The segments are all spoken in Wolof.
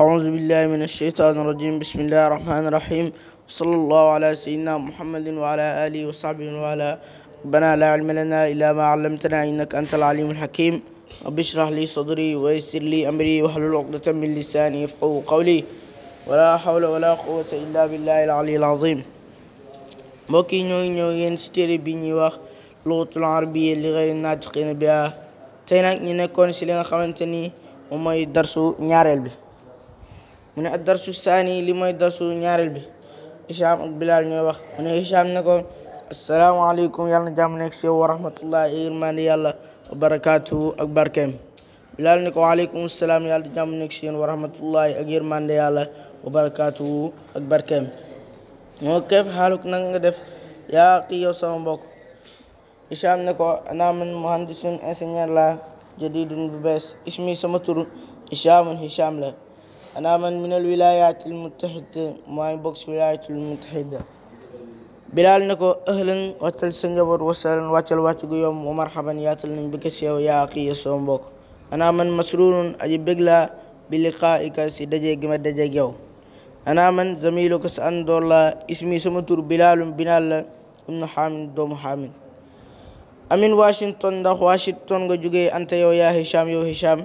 أعوذ بالله من الشيطان الرجيم بسم الله الرحمن الرحيم وصلى الله على سيدنا محمد وعلى آله وصحبه وعلى ربنا لا علم لنا إلا ما علمتنا إنك أنت العليم الحكيم رب اشرح لي صدري ويسر لي أمري واحلل عقدة من لساني يفقهوا قولي ولا حول ولا قوة إلا بالله العلي العظيم mbokk yi ñoo ngi ñëw yéen ci téere bi ñuy wax luxatul arabiyya li ghayri naatiqiina bihaa tey nag ñu nekkoon ci li nga xamante ni moom mooy darsu ñaareel bi mune ne ad darsu saani li mooy darsu ñaareel bi ak Bilal ñooy wax mu ne Hicham ne ko asalaamaaleykum yàlla na wa barakaatu ak barkeem Bilal ne ko waaleykum salaam yàlla na jàmm nekk si yéen wa barakaatu ak barkeem moo keef xaaluk nag def yaa kii yow sama mbokk Hicham ne ko ana la jadidun bees ismi sama tur Hichamun Hicham la أنا من من الولايات المتحدة ماي بوكس ولاية المتحدة bilaal ko ahlan wàccal sa wasalan wàccal wàcc gu yomb wa marhaban yaatal nañ bëgg yaa aqi soo mbokk ana man masrurun aji bég laa si daje gi ma daje ak yow ana man zamilu ko sa àndoor xaamin doomu xaamin amin washington ndax washington nga anta yaa hisham yow hisham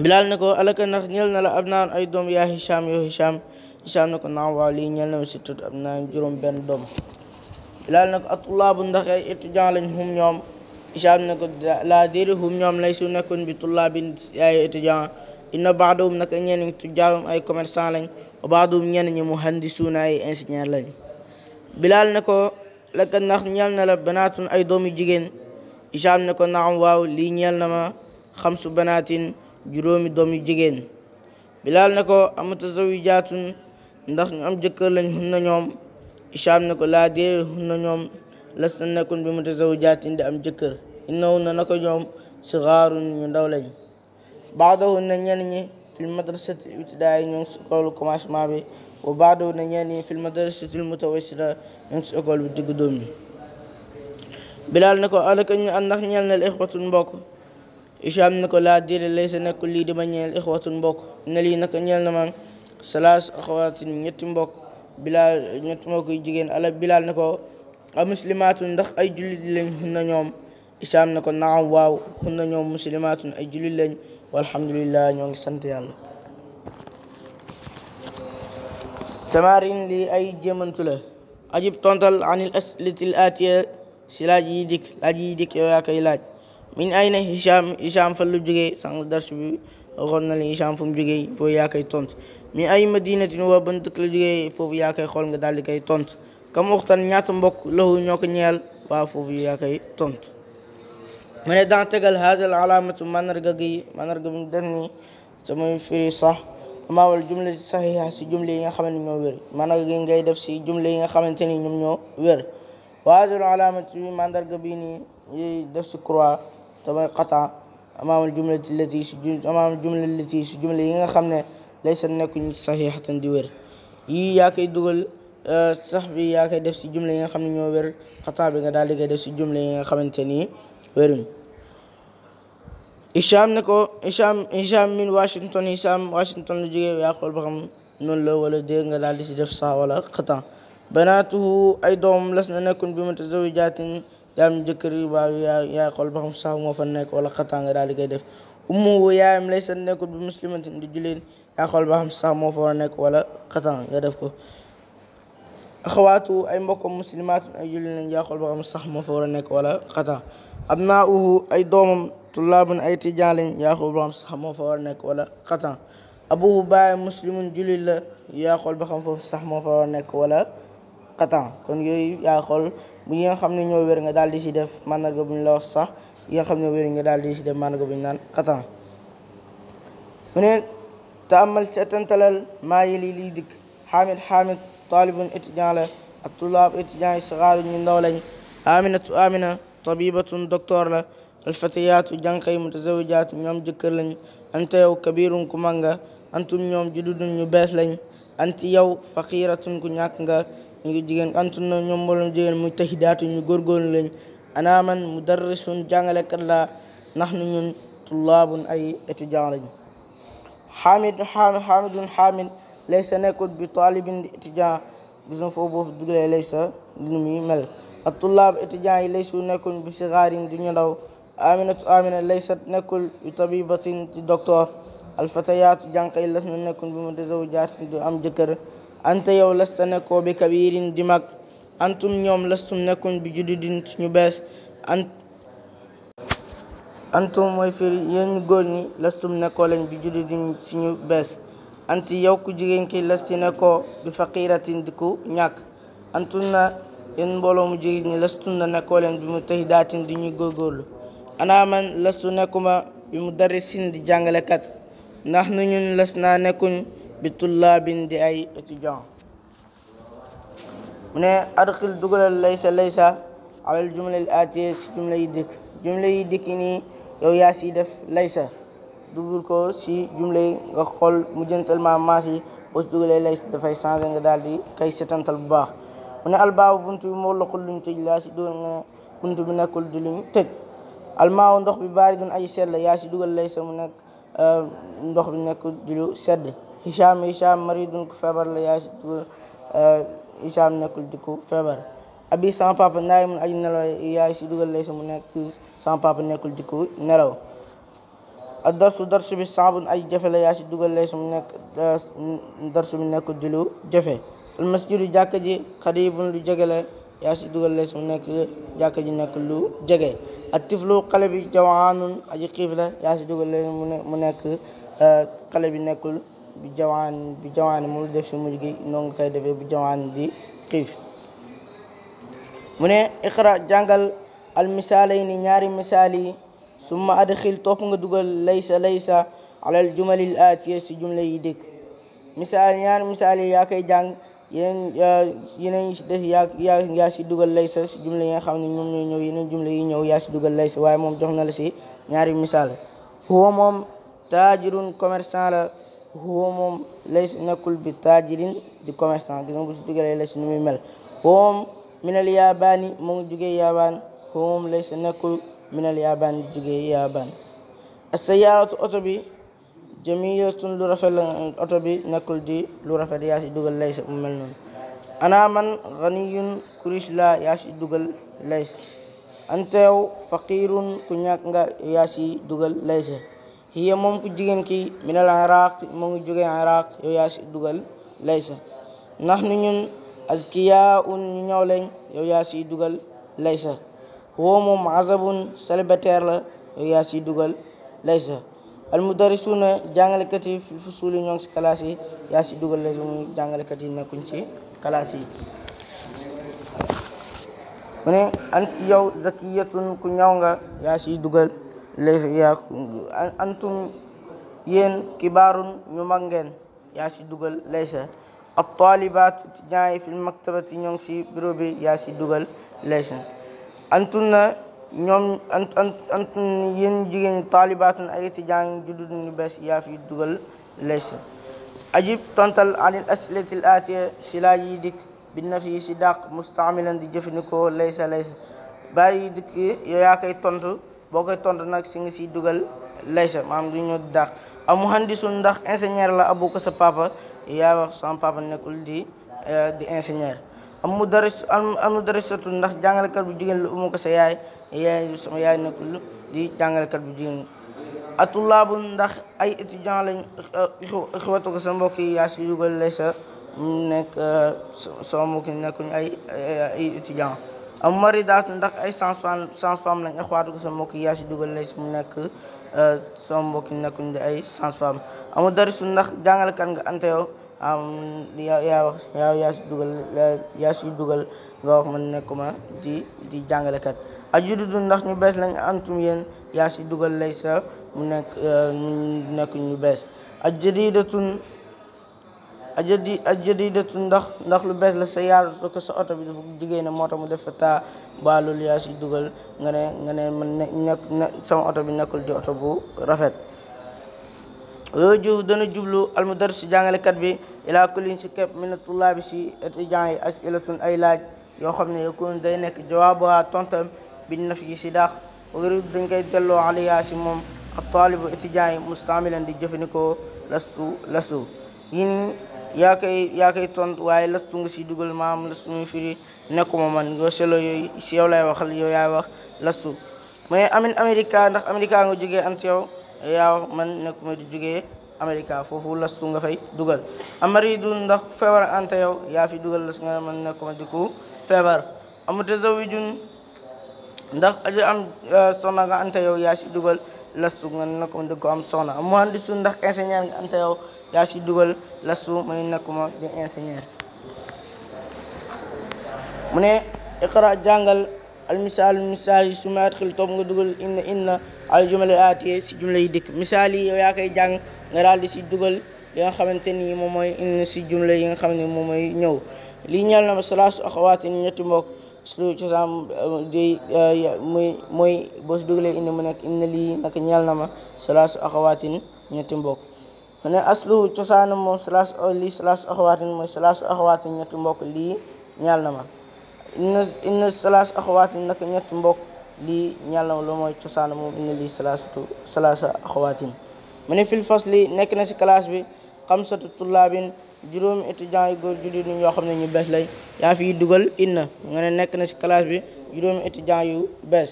bilaal ne ko alaka ndax ñeel na la ab naan ay doom yaa hisham yoo hisham hisham ne ko naam waaw lii ñeel na ma si tut ab naan juróom benn doom bilaal ne ko atullaabu ndax ay étudiant lañ hum bi tullaabi ay étudiant inna baadahum naka ñenn ñi tujjaarum ay commerçant lañ la banaatun ay doomu jigéen hisham ne ko naam waaw xamsu banaatin juróomi doom yu jigéen bilaal ne ko amutazawijaatun ndax ñu am jëkkër lañ xun na ñoom ishaam ne ko laa déer xun na ñoom la na nekkun bi mutazawijaatin di am jëkkër innahu na na ko ñoom sigaarun ñu ndaw lañ baadahu na ñenn ñi fil madrasati ibtidaay ñu ngi si école commencement bi wa baadahu na ñenn ñi fil madrasati mutawasita ñu ngi si école bi diggu doom bi bilaal ne ko alaka ñu ànd la ixwatul mbokk Hishaam ne ko laa déedéet laysa nekkul lii dama ñeel ixwatun mbokk ne naka ñeel na salaas axawaatin ñetti mbokk bilaal ñetti mbokk jigéen ala bilaal ne ko a muslimaatun ndax ay jullit lañ hunna ñoom Hishaam ne ko naam waaw hunna ñoom muslimaatun ay jullit lañ walhamdulillah ñoo ngi sant yàlla tamarin lii ay jéemantu la ajib tontal anil aslati l aatiya laaj yi dikk laaj yi dikk yow yaa koy laaj min ayna Hicham Hicham fan la jógee sànq dars bi waxoon na la Hicham fu foofu yaa koy tontu min ay madinatin waa ban dëkk la jógee foofu yaa koy xool nga daal di koy tontu kam waxtaan ñaata mbokk lahu ñoo ko ñeel waa foofu yaa koy tontu. mu ne daan tegal haazal alaamatu mandarga gi mandarga bi mu def nii samay firi sax si saxiixa jumla yi nga xamante ni ñoo wér mandarga gi ngay def si jumla yi nga xamante ni ñoom ñoo wér wa si croix. tamay qataa amaamal jumlati lati si jumla si jumla yi nga xam ne laysa nekkuñ saxiixatan di wér yi yaa koy dugal euh, sax bi yaa def si jumla yi nga xam ne ñoo wér xataa bi nga daal def si jumla yi nga xamante ni wéruñ Hicham ne ko Hicham Hicham min Washington Hicham Washington la jógee yaa xool ba xam la wala dégg nga daal di si def sax wala xataa banaatuhu ay doom las na nekkuñ bi mutazawijatin daa jëkkër yu baax yaa yaa xool ba xam sax moo fa nekk wala daal di koy def ummuhu yaayam laysa nekkul bi muslimatin di julleen yaa xool ba xam moo fa war a nekk wala xataa nga def ko ay mbokkam muslimaatun ay julleen lañ yaa xool ba xam sax moo fa a nekk wala xataa abnaahu ay ay tijaan lañ yaa xool ba xam sax nekk wala xataa abuhu baay muslimun jullit la foofu sax moo fa war a nekk wala xatan kon yooyu yaa xool bu yi nga xam ne ñoo wér nga daal di si def mandarga bu ñu la wax sax yi nga xam ne wér daal di si def mandarga bu ñu naan xatan mu ne taamal seetantalal maa yi lii lii dikk xaamid xaamid taalibun étudiant la ak tullaab étudiant yi saxaaru ñu ndaw lañ aminatu amina tabibatun docteur la alfatiyaatu jànqay mutazawijaatu ñoom jëkkër lañ anta yow kabirun ku mag nga antum ñoom jududun ñu bees lañ anti yow faqiratun ku ñàkk ngi jigéen an sunna ñoom mbooloo jigéen mujtahidaatu ñu góorgóorlu lañ ana man mudarrisun jàngalekat la nahnu ñun tullaabun ay étudiant lañ xamid xamidun xamid laysa nekkut bi taalibin di étudiant gis na foofu boobu dugalee laysa lu muy mel ak tullaab étudiant yi laysu nekkul bi sigaarin di ñu ndaw aminatu amina laysat nekkul bi tabibatin di docteur alfatayaatu jànq yi las na nekkul bi mu desawu jaatin du am jëkkër anta yow lasta nekkoo bi kabirin di mag antum ñoom lastum nekkuñ bi jududin ñu bees an mooy ñu góor ñi lastum nekkoo lañ bi jududin si ñu bees anti yow ku jigéen ki lasti nekkoo bi faqiratin di ku ñàkk antum na yéen mbooloo mu jigéen ñi lastum na nekkoo leen bi mu tey daatin di ñuy góorgóorlu anaa man lastu nekkuma bi mu darrisin di jàngalekat ndax nu ñun las nekkuñ bi tullaabin di ay étudiant mu ne adxil dugalal laysa laysa alal jumla al si jumla yi dikk jumla yi dikk nii yow yaa si def laysa dugal ko si jumla yi nga xool mujjantal ma maas yi boo dugalee laysa dafay changé nga daal di kay setantal bu baax mu ne albaabu bunt bi moo loqul tëj laa si dugal nga bunt bi nekkul di ndox bi baari dun ay sedd yaa euh, sedd Hicham Hicham maridun ku feebar la yaay eh, Hicham nekkul di ku feebar abi sama papa naayimun aji nelaw yaay si dugal laysa mu nekk sama papa nekkul di ku nelaw ak darsu darsu bi saabun aji jafe la yaay si dugal laysa mu nekk eh, darsu bi nekkul di lu jafe al masjidu jàkka ji xaribun lu jege la yaa si dugal laysa mu nekk jàkka ji nekk lu jege ak tiflu xale bi jawaanun aji xiif la yaa si dugal laysa mu nekk eh, xale bi nekkul bi jawaan bi jawaan moom def si mujj gi noo nga koy defee bi jawaan di xiif mu ne iqra jàngal al misaalay ni ñaari misaal yi summa adxil topp nga dugal laysa laysa alal jumal aatiya si jumla yi dëkk misaal ñaari misaal yi yaa koy jàng yeneen yeneen yi si des yaa yaa yaa si dugal laysa si jumla yi nga xam ne ñoom ñoo ñëw yeneen jumla yi ñëw yaa si dugal laysa waaye moom jox na la si ñaari misaal huwa moom taajirun commerçant huwa moom lay nekkul bi taajirin di commerçant gis nga bu si dugalee lay si muy mel huwa moom minal yaabaani mu ngi yaabaan huwa moom lay nekkul minal yaabaan di yaabaan as oto bi jamiyatun lu rafet la oto bi nekkul di lu rafet yaa si dugal lay mu mel noonu ana man kurish la yaa si dugal lay anteew faqirun ku ñàkk nga yaa si dugal lay hiya moom ku jigéen ki minal iraq mu ngi jóge iraq yow yaa si dugal laysa ndax nu ñun azkiyaa un ñu ñëw lañ yaa si dugal laysa huwa moom azabun célibataire la yow yaa si dugal laysa almudarrisuna jàngalekat yi fi fusuuli ñoo ngi si yi yaa si dugal laysa mu jàngalekat yi nekkuñ ci classe yi mu ne anti yow zakiyatun ku ñëw nga yaa si dugal les yaa antum yéen kibaarun ñu mag ngeen yaa si dugal laysa ab taalibaat étudiants yi fi maktabati ñoo ngi si bureau yaa si dugal laysa antun na ñoom antun jigéen taalibaatun ay étudiants yi juddu ñu bees yaa fi dugal laysa ajib tontal anil asilati l aatiya si laaj yi dikk bi na fi si mustaamilan di jëfandikoo laysa laysa bàyyi dikk yow yaa koy tontu boo koy tontu nag si nga siy dugal laysa maanaam du ñu dàq am muhandisun ndax ingénieur la abu ko sa papa yaa wax sama papa nekkul di eh, di ingénieur am mudarris am mudarrisatu ndax jàngalekat bu jigéen la umu ko sa yaay yaay sama yaay nekkul di jàngalekat bu jigéen atulaabu ndax ay étudiant lañ eh, xiwatu sa mbokk yi yaa si dugal laysa nekk eh, sama mbokk yi nekkuñ ay ay étudiant am mari daat ndax ay sens-femme sens-femme lañ axwaatu ko sa mbokk yaa si dugal lay mu nekk euh, sama mbokki nekkuñ di ay sens-femme amul darisu ndax jàngalekat nga ante yow am yaa wax yaa si dugal yaa si dugal nga wax ma nekkuma di di jàngalekat ak du ndax ñu bees lañ antum yéen yaa si dugal lay sa mu nekk mu euh, nekk ñu bees ak jadidatun ajadi ajadidatu ndax ndax lu bees la sa yaaru ko sa oto bi dafa jigéen moo tax mu def fa taa ba loolu yaa si dugal nga ne nga ne man nekk sama oto bi nekkul di oto bu rafet yooyu ju dana jublu almudarris si jàngalekat bi ilaa kullin si képp min tullaabi si étudiants yi asilatun ay laaj yoo xam ne yakun day nekk jawaabuha tontam bi naf yi si daax wéru dañ koy delloo aliya si moom ab taalibu étudiants yi mustaamilan di jëfandikoo lastu lastu yi yaa koy yaa koy tontu waaye lastu nga si dugal maam lastu muy firi nekkuma man yoo selo yooyu si yow lay waxal yow yaay wax lastu mais amin américa ndax américa nga jógee ant yow yaaw man nekkuma di jógee américa foofu lastu nga fay dugal amaridu ndax feebar ant yaa fi dugal lastu nga man nekkuma di ku feebar amutazawijun ndax aji am eh, soxna nga ant yow yaa si dugal lastu nga nekkuma di ko am soxna muhandisu ndax enseignant nga ant yow daa ci dugal lastu muy nekkuma di ingénieur mu ne iqra jàngal almisaal missal yi su maat xil topp nga dugal inna inna al jumla aatiye ci jumla yi dikk misaal yi yow yaa koy jàng nga daal di ci dugal li nga xamante ni moom mooy inna ci jumla yi nga xam ne moom mooy ñëw lii ñeel na ma salaasu axawaatin ñetti mbokk su eh, muy mooy boo si mu nekk lii naka ñeel na ma salaasu axawaatin ñetti mbokk mu ne aslu cosaanu moom salaasu lii salaasu mooy salaasu axawaatin ñetti mbokk lii ñaal na ma inna inna salaasu axawaatin naka ñetti mbokk lii ñaal na ma lu mooy cosaanu moom inna lii salaasatu salaasa mu ne fil fasli nekk na ci classe bi xamsatu tullaabin juróomi étudiant yu góor judi ñu yoo xam ne ñu bees lay yaa fi dugal inna nga ne nekk na ci classe bi juróomi étudiant yu bees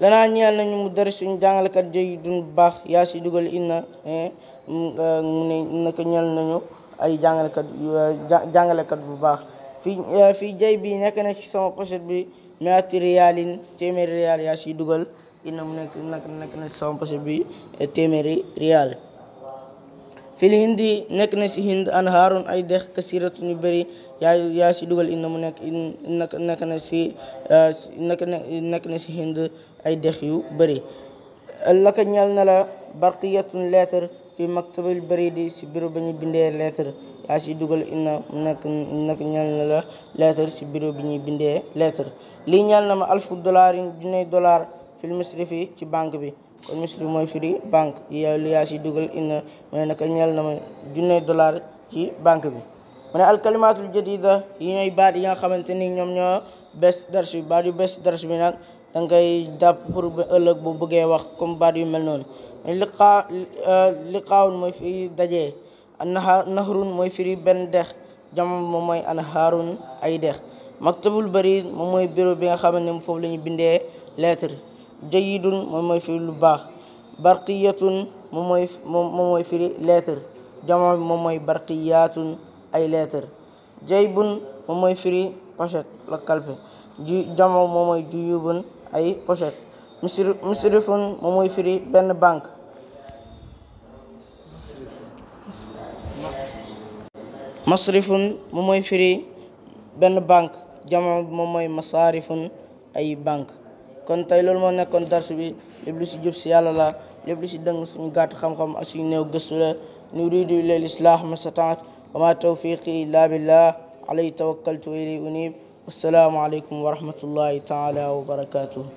lanaa ñeel nañu mu dari suñu jàngalekat jëy dun baax yaa si dugal inna eh, mu ne naka nañu ay jàngalekat euh, jàngalekat bu baax fii euh, fii jay bi nekk na ci sama pochette bi miati riyaalin téeméeri riyaal yaa si dugal ina mu nekk nak nekk na ci sama pochette bi euh, téeméeri riyaal fil hindi nekk na si ay dex kasiratu ñu bëri yaa yaa si dugal ina mu nekk nak nekk na si nekk na nekk si ay dex yu bari laka ñel na la barqiyatun lettre fi maktabil baridi si bureau ba ñu bindee lettre yaa si dugal inna nak nak ñal na la lettre si bureau bi ñuy bindee lettre lii ñal na ma alfu dollar yi junney dollar fil misri fi ci banque bi kon misri mooy firi banque yow li yaa si dugal inna mu ne ñal na ma junney dollar ci banque bi mu ne alkalimatul jadida yi ñooy baat yi nga xamante ni ñoom ñoo bes darsu baat yu bes darsu bi nag da ngay jàpp pour ëllëg bu bëggee wax comme baat yu mel noonu liqaa euh, liqaawun mooy firi dajee nahrun mooy firi benn dex jam mooy anhaarun ay dex maktabul barid moom mooy bureau bi nga xam ne foofu la bindee lettre jayidun moom mooy firi lu baax barqiyatun moom mooy moom mooy bi moom mooy barqiyaatun ay lettre jaybun moom mooy firi pochette la kalpe ju jamono moom mooy juyubun ay pochette musrifun moom mooy firi benn bank masrifun moom mooy firi ay bank kon tey loolu moo nekkoon darsu bi lépp lu si jub si yàlla la lépp lu si dëng suñu gàtt xam-xam ak suñu néew gëstu la ni uridu illa l-islaaha ma stataat wa ma tawfiqi illa wasalaamualeykum wa rahmatullahi taala wa barakaatuhu